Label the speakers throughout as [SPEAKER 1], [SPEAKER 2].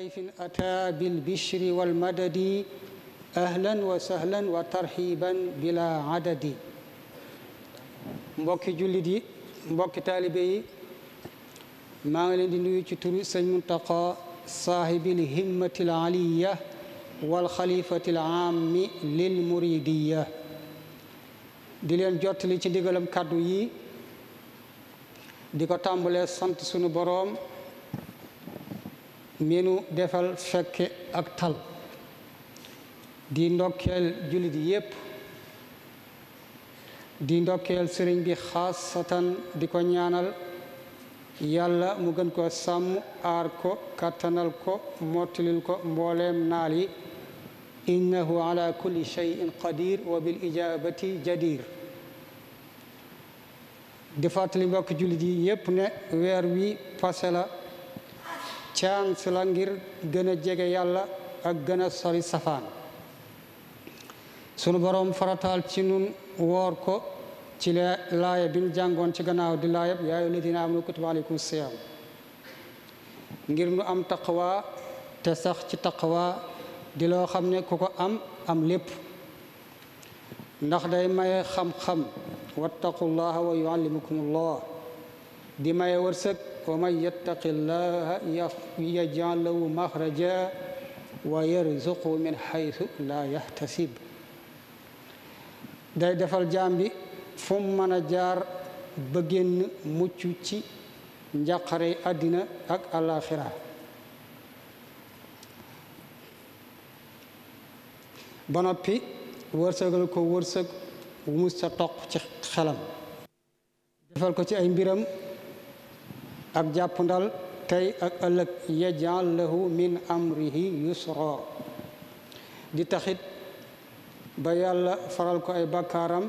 [SPEAKER 1] ضيف أتى بالبشر والمدد أهلا وسهلا وترحيبا بلا عدد mbokki jullit yi mbokki taalibe yi maa ngi leen di nuyu ci turu sëñ Muntaqa saahibil himmatil aliya wal xalifatil aami muridiya di leen jottali ci ndigalam kàddu yi di ko tàmbalee sant sunu boroom minu defal fekke ak tal di ndokkeel jullit yépp di ndokkeel sëriñ bi xaasatan di ko ñaanal yàlla mu gën ko sàmm aar ko kattanal ko mottilil ko mbooleem naal yi innahu ala kulli cheyin qadir wa bil ijabati jadir di fàttali mbokk jullit yi yépp ne weer wi passé chance la ngir gën a jege yàlla ak gëna a sori safaan sunu boroom faratal ci nun wor ko ci laaya bi jàngoon ci gannaaw di laayab yaa ayyuhal ladiina aamanu kutiba aleykum siyaam ngir nu am taqwa te sax ci taqwa diloo xam ne ku ko am am lépp ndax day maye xam-xam wattaqullaha wa yuallimukumullah di maye wërsëg wa man yattaqillaha yaj'al lahu maxraja wa yarzuqu min xaytu la yaxtasib day defal jaam bi fu mën a jaar ba génn mucc ci njàqarey àddina ak alaxira ba noppi wërsëgal ko wërsëg wu mus sa toq ci xelam defal ko ci ay mbiram ak jàppandal tey ak ëllëg yajal lahu min amrihi yusra di taxit ba yàlla faral ko ay bakkaaram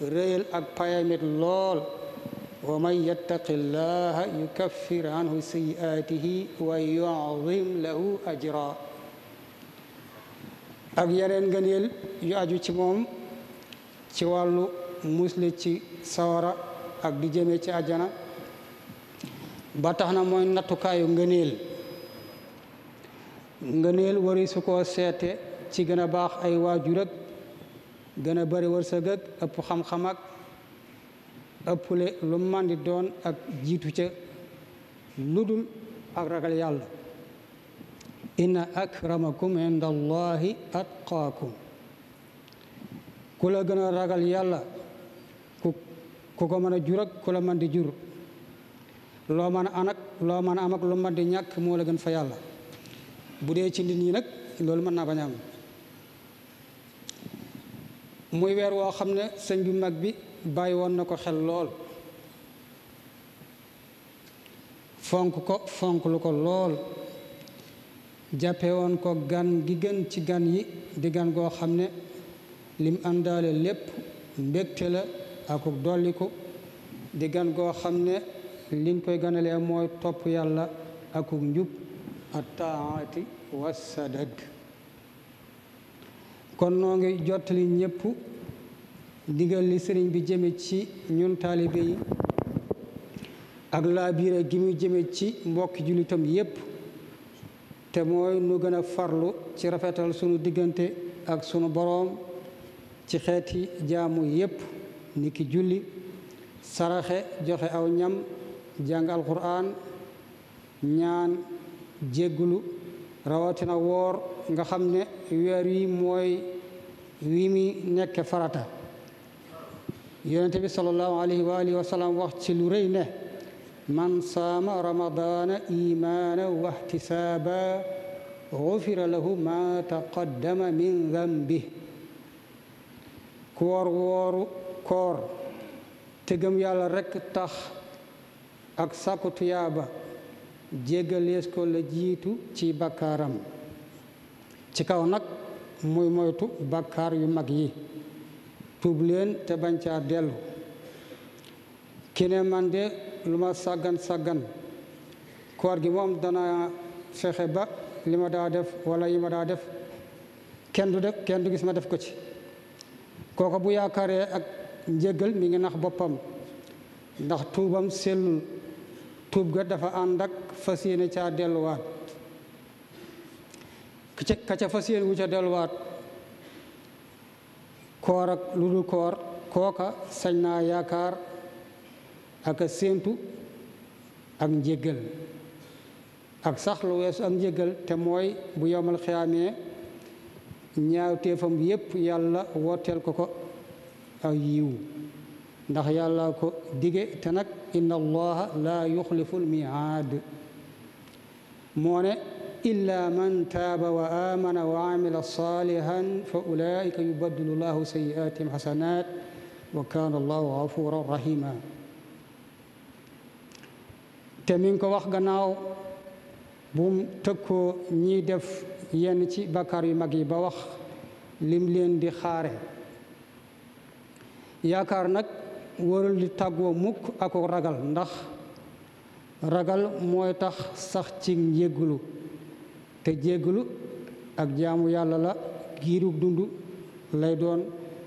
[SPEAKER 1] réyal ak payamit lool wa man yattaqi llaha yukaffir anhu sayi'atihi wa ak yeneen ngëneel yu aju ci moom ci wàllu musle ci sawara ak di jëme ci ajana ba tax na mooy nattukaayu ngëneel ngëneel wari su ko seete ci gën a baax ay waajur gën a bari wërsëg ak ëpp xam-xam ak ëpple lu man doon ak jiitu ca ludul dul ak ragal yàlla inna akramakum inda allahi atqaakum ku la gën a ragal yàlla ku ko mën a jur ak ku la man jur loo mën a an ak loo mën a am ak lu mën di ñàkk moo la gën fa yàlla bu dee ci nit ñi nag loolu mën naa bañ a am muy weer woo xam ne sëñ bi mag bi bàyyi woon na ko xel lool fonk ko fonk lu ko lool jàppe woon ko gan gi gën ci gan yi di gan goo xam ne lim àndaale lépp mbégte la akuk dolliku di gan goo xam ne liñ koy ganalee mooy topp yàlla akuk njub a taati wasadad kon noo ngi jottali ñépp digal li sëriñ bi jëme ci ñun taalibe yi ak laabiire gi muy jëme ci mbokki jullitam yépp te mooy nu gën a farlu ci rafetal sunu diggante ak sunu boroom ci xeeti jaamu yépp niki julli saraxe joxe aw ñam jàng alquran ñaan jéggulu rawatina woor nga xam ne weer wi mooy wi mi nekk farata yonente bi salallahu alayhi wa wa sallam wax ci lu rëy ne man saama ramadana imaana wa ihtisaaba gufira lahu ma taqaddama min dambi ku wooru koor te gëm yàlla rekk tax ak sàkku tuyaaba jéggalees ko la jiitu ci bakkaaram ci kaw nag muy moytu bakkaar yu mag yi tuub leen te bañ caa dellu ki ne man lu ma sàggan sàggan koor gi moom dana fexe ba li ma daa def wala yi ma daa def kenn du def kenn du gis ma def ko ci kooko bu yaakaaree ak njéggal mi ngi nax boppam ndax tuubam sellul tuub ga dafa ànd ak fas yéene caa delluwaat ka ca fas wu ca delluwaat koor ak lu dul koor kooka sañ naa yaakaar aka a séentu ak njéggal ak sax lu weesu ak njéggal te mooy bu yowmal xiyaamee ñaaw téefam yépp yàlla wooteel ko ko aw yiw ndax yàlla ko dige te nag inna allaha laa yuxlifu lmiaad moo ne illa man taaba wa aamana wa amila saalihan fa ulaika yubaddilu llahu sayiatihim xasanat wa kaana allahu gafuran rahima te mi ngi ko wax gannaaw bum tëkkoo ñiy def yenn ci bakkaar yu mag yi ba wax lim leen di xaare yaakaar nag wëral di tàggoo mukk ak ragal ndax ragal mooy tax sax ci njéggulu te jéggulu ak jaamu yàlla la giirug dund lay doon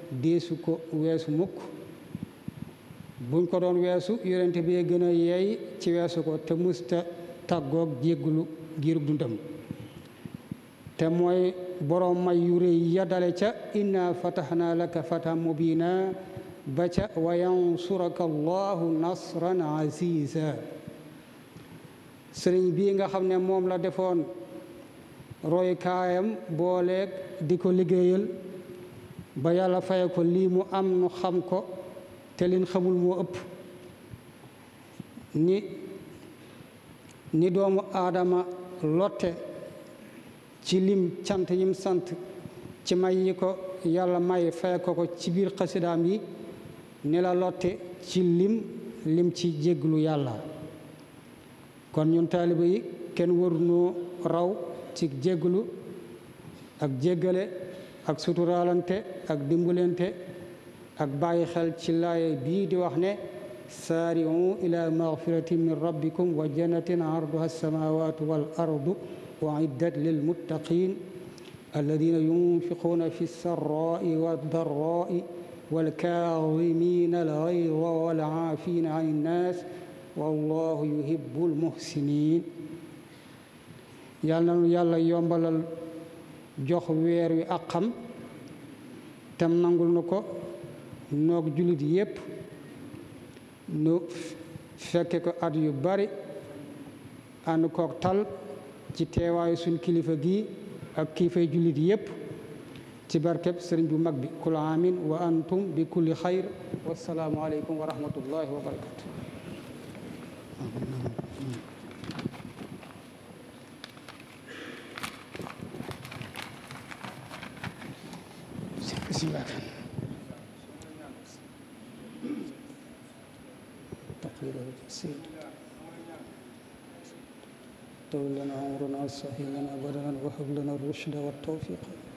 [SPEAKER 1] deesu ko weesu mukk buñ ko doon weesu yonente bi gën a yeey ci weesu ko te musta tàggook jéggulu giirug dundam te mooy boroom may yu réy ya dale ca inna fataxnaa laka fataha mubina ba ca wa yansuraka allahu nasran aziza sëriñ bii nga xam ne moom la defoon roy kaayam booleeg di ko liggéeyal ba yàlla faye ko lii mu am nu xam ko te liñ xamul moo ëpp ni ni doomu aadama lotte ci lim cant yim sant ci may yi ko yàlla may faye ko ko ci biir xasidaam yi ni lotte ci lim lim ci jégglu yàlla kon ñun taaliba yi kenn waru raw ci jégglu ak jéggale ak suturaalante ak dimbalante ak bàyyi xel ci laaye bii di wax ne saari'u ila magfiratin min rabbikum wa jannatin arduha as-samawatu wal ardu uiddat lil muttaqin alladina yunfiquuna fi sarraai wa darraai والكاظمين الغيظ والعافين عن الناس wallahu yuhibbul muhsinin yal na yàlla yombalal jox weer wi ak xam tam nangul nu ko noog jullit yépp nu fekke ko at yu bari ànd koog tal ci teewaayu suñ kilifa gi ak kiifay jullit yépp ci barkeb sëriñ bu mag bi kul amin wa antum bi kulli xayr wasalaamu aleykum wa rahmatullahi wa barakatu طول لنا عمرنا وصحي لنا بدنا وهب لنا الرشد والتوفيق